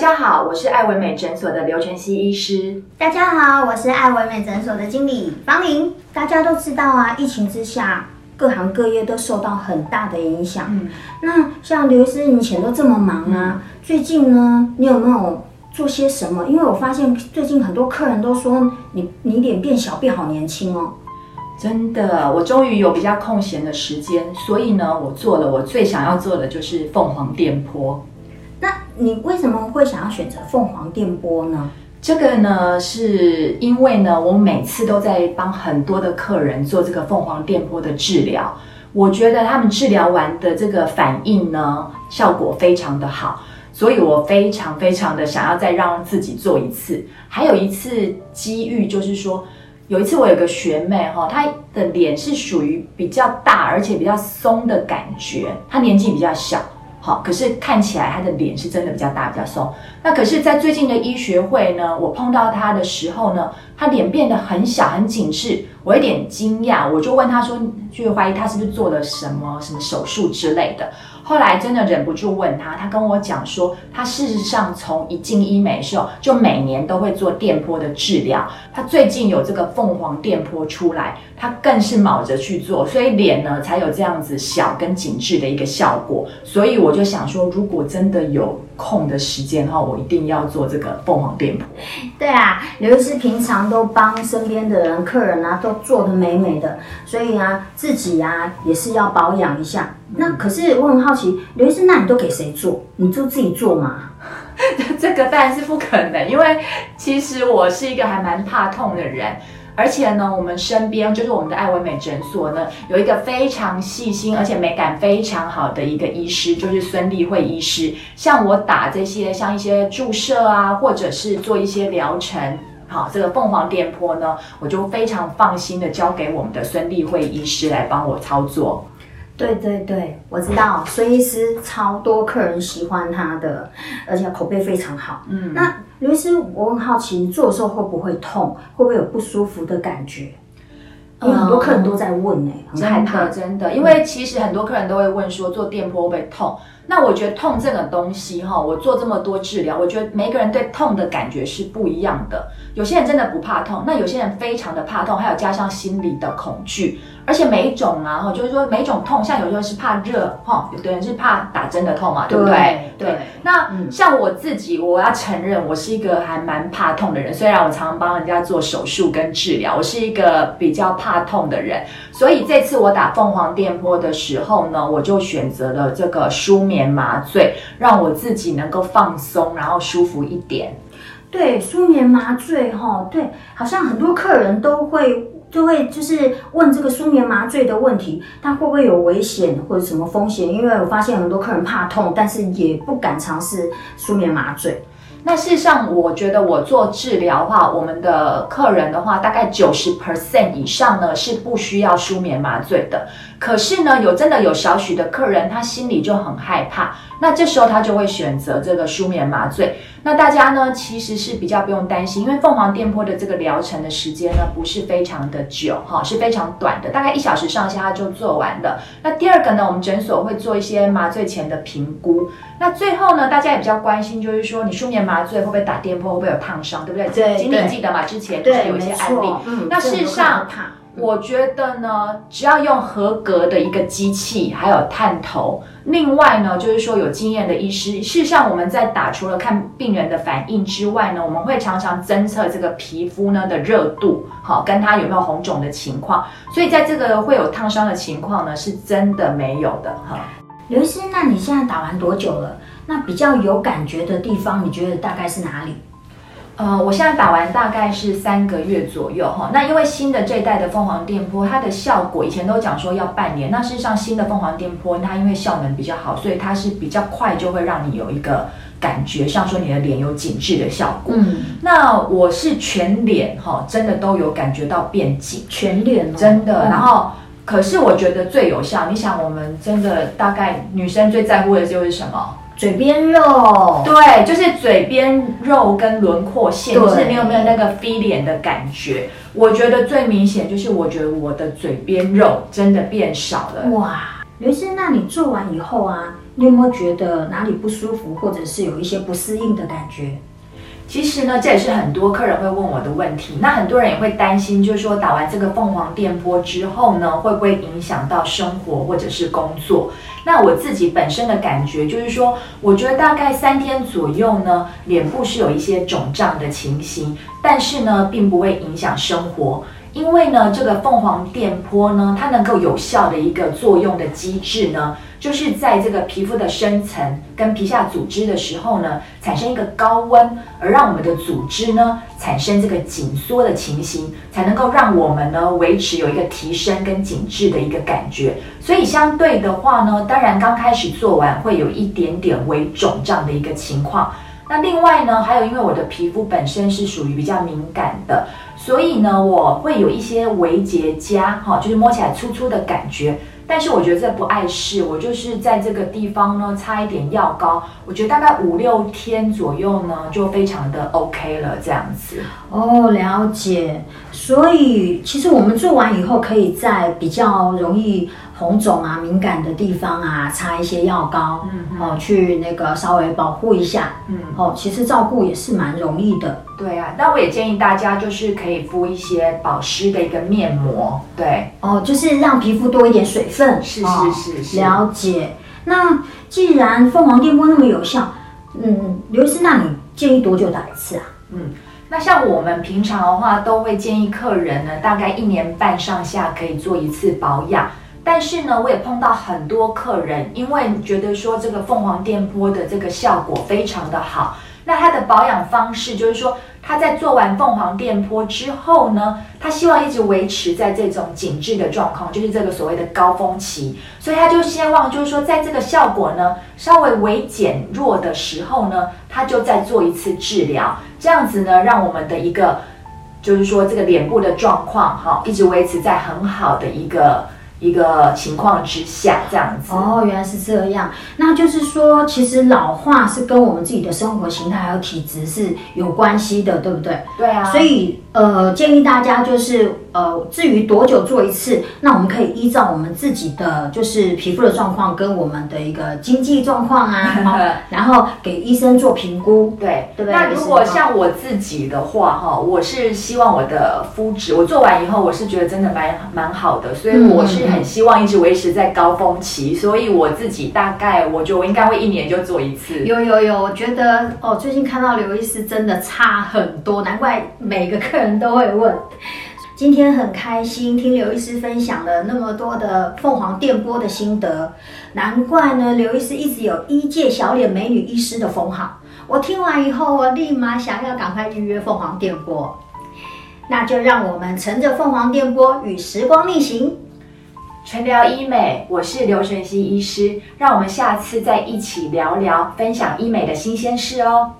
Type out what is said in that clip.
大家好，我是愛惟美診所的劉淳熙醫師。大家好，我是愛惟美診所的經理方玲。大家都知道啊，疫情之下，各行各業都受到很大的影響。嗯，那像劉醫師你以前都這麼忙啊，嗯、最近呢，你有沒有做些什麼？因為我發現最近很多客人都說你你臉變小，變好年輕哦。真的，我終於有比較空閒的時間，所以呢，我做了我最想要做的，就是鳳凰電波。那你為什麼會想要選擇鳳凰電波呢？這個呢，是因為呢，我每次都在幫很多的客人做這個鳳凰電波的治療，我覺得他們治療完的這個反應呢，效果非常的好，所以我非常非常的想要再讓自己做一次。還有一次機遇就是說，有一次我有個學妹哈、哦，她的臉是屬於比較大而且比較鬆的感覺，她年紀比較小。可是看起來他的臉是真的比較大、比較鬆。那可是，在最近的醫學會呢，我碰到他的時候呢，他臉變得很小、很緊緻，我有點驚訝，我就問他說，就懷疑他是不是做了什麼什麼手術之類的。後來真的忍不住問他，他跟我講說，他事實上從一進醫美時候就每年都會做電波的治療，他最近有這個鳳凰電波出來，他更是卯着去做，所以臉呢才有這樣子小跟緊緻的一個效果。所以我就想說，如果真的有。空的時間的話，我一定要做這個鳳凰電波。對啊，劉醫師平常都幫身邊的人、客人啊，都做得美美的，所以啊，自己啊也是要保養一下。嗯、那可是我很好奇，劉醫師，那你都給誰做？你就自己做嗎？ 這個當然是不可能，因為其實我是一個還蠻怕痛的人。而且呢，我們身邊就是我們的愛惟美診所呢，有一個非常細心而且美感非常好的一個醫師，就是孫麗慧醫師。像我打這些，像一些注射啊，或者是做一些療程，好，這個鳳凰電波呢，我就非常放心的交給我們的孫麗慧醫師來幫我操作。對對對，我知道孫醫師超多客人喜歡他的，而且口碑非常好。嗯，那。劉醫師，我很好奇，你做的時候會不會痛？會不會有不舒服的感覺？有、嗯、很多客人都在問哎、欸，嗯、真害怕對真的，因為其實很多客人都會問說做電波會不會痛？嗯、那我覺得痛這個東西哈，我做這麼多治療，我覺得每個人對痛的感覺是不一樣的。有些人真的不怕痛，那有些人非常的怕痛，還有加上心理的恐懼。而且每一種啊，哈，就是說每種痛，像有時候是怕熱，哈、哦，有的人是怕打針的痛嘛，對不對？對，對。那像我自己，嗯、我要承認，我是一個還蠻怕痛的人。雖然我常常幫人家做手術跟治療，我是一個比較怕痛的人。所以這次我打鳳凰電波的時候呢，我就選擇了這個舒眠麻醉，讓我自己能夠放鬆，然後舒服一點。對，舒眠麻醉、哦，哈，對，好像很多客人都會。就會就是問這個舒眠麻醉的問題，他會不會有危險或者什麼風險？因為我發現很多客人怕痛，但是也不敢嘗試舒眠麻醉。那事實上，我覺得我做治療的話，我們的客人的話，大概九十 percent 以上呢是不需要舒眠麻醉的。可是呢，有真的有少許的客人，他心裡就很害怕，那這時候他就會選擇這個舒眠麻醉。那大家呢，其實是比較不用擔心，因為鳳凰電波的這個療程的時間呢，不是非常的久哈，是非常短的，大概一小時上下它就做完了。那第二個呢，我們診所會做一些麻醉前的評估。那最後呢，大家也比較關心，就是說你舒眠麻醉會不會打電波，會不會有燙傷，對不對？對，今天對對記得嘛，之前對有一些案例。嗯，那事實上。我覺得呢，只要用合格的一個機器，還有探頭，另外呢，就是說有經驗的醫師，事實上我們在打除了看病人的反應之外呢，我們會常常偵測這個皮膚呢的熱度，好、哦，跟它有沒有紅腫的情況，所以在這個會有燙傷的情況呢，是真的沒有的。哈、哦，劉醫師，那你現在打完多久了？那比較有感覺的地方，你覺得大概是哪裡？呃，我現在打完大概是三個月左右哈。那因為新的這一代的鳳凰電波，它的效果以前都講說要半年，那事實上新的鳳凰電波它因為效能比較好，所以它是比較快就會讓你有一個感覺，像說你的臉有緊緻的效果。嗯，那我是全臉哈，真的都有感覺到變緊，全臉真的。然後，可是我覺得最有效，你想我們真的大概女生最在乎的就是什麼？嘴邊肉，對，就是嘴邊肉跟輪廓線，對就是你有沒有那個 V 臉的感覺？我覺得最明顯就是，我覺得我的嘴邊肉真的變少了。哇，劉醫生，那你做完以後啊，你有沒有覺得哪裡不舒服，或者是有一些不適應的感覺？其實呢，這也是很多客人會問我的問題。那很多人也會擔心，就是說打完這個鳳凰電波之後呢，會不會影響到生活或者是工作？那我自己本身的感覺就是說，我覺得大概三天左右呢，臉部是有一些腫脹的情形，但是呢，並不會影響生活。因為呢，這個鳳凰電波呢，它能夠有效的一個作用的機制呢，就是在這個皮膚的深層跟皮下組織的時候呢，產生一個高溫，而讓我們的組織呢產生這個緊縮的情形，才能夠讓我們呢維持有一個提升跟緊緻的一個感覺。所以相對的話呢，當然剛開始做完會有一點點微腫脹的一個情況。那另外呢，還有因為我的皮膚本身是屬於比較敏感的，所以呢，我會有一些微結痂，哈，就是摸起來粗粗的感覺。但是我覺得這不礙事，我就是在這個地方呢擦一點藥膏，我覺得大概五六天左右呢就非常的 OK 了，這樣子。哦，了解。所以其實我們做完以後，可以再比較容易，紅腫啊，敏感的地方啊，擦一些藥膏，嗯、哼哦，去那個稍微保護一下，嗯、哦，其實照顧也是蠻容易的。對啊，那我也建議大家就是可以敷一些保濕的一個面膜，對，哦，就是讓皮膚多一點水分。是是是，是，是、哦，了解。那既然鳳凰電波那麼有效，嗯，劉醫師，那你建議多久打一次啊？嗯，那像我們平常的話，都會建議客人呢，大概一年半上下可以做一次保養。但是呢，我也碰到很多客人，因為覺得說這個鳳凰電波的這個效果非常的好，那它的保養方式就是說，他在做完鳳凰電波之後呢，他希望一直維持在這種緊緻的狀況，就是這個所謂的高峰期，所以他就希望就是說，在這個效果呢稍微微減弱的時候呢，他就再做一次治療，這樣子呢，讓我們的一個就是說這個臉部的狀況哈，一直維持在很好的一個。一個情況之下，這樣子哦，原來是這樣，那就是說，其實老化是跟我們自己的生活形態還有體質是有關係的，對不對？對啊，所以。呃，建議大家就是呃，至於多久做一次，那我們可以依照我們自己的就是皮膚的狀況跟我們的一個經濟狀況啊，然後給醫生做評估。對 對，那如果像我自己的話哈、哦，我是希望我的膚質，我做完以後我是覺得真的蠻蠻好的，所以我是很希望一直維持在高峰期，所以我自己大概我覺得我應該會一年就做一次。有有有，我覺得哦，最近看到劉醫師真的差很多，難怪每個客人。都會問，今天很開心聽劉醫師分享了那麼多的鳳凰電波的心得，難怪呢。劉醫師一直有一屆小臉美女醫師的封號，我聽完以後，我立馬想要趕快預約鳳凰電波。那就讓我們乘着鳳凰電波與時光逆行，淳聊醫美，我是劉淳熙醫師，讓我們下次再一起聊聊，分享醫美的新鮮事哦。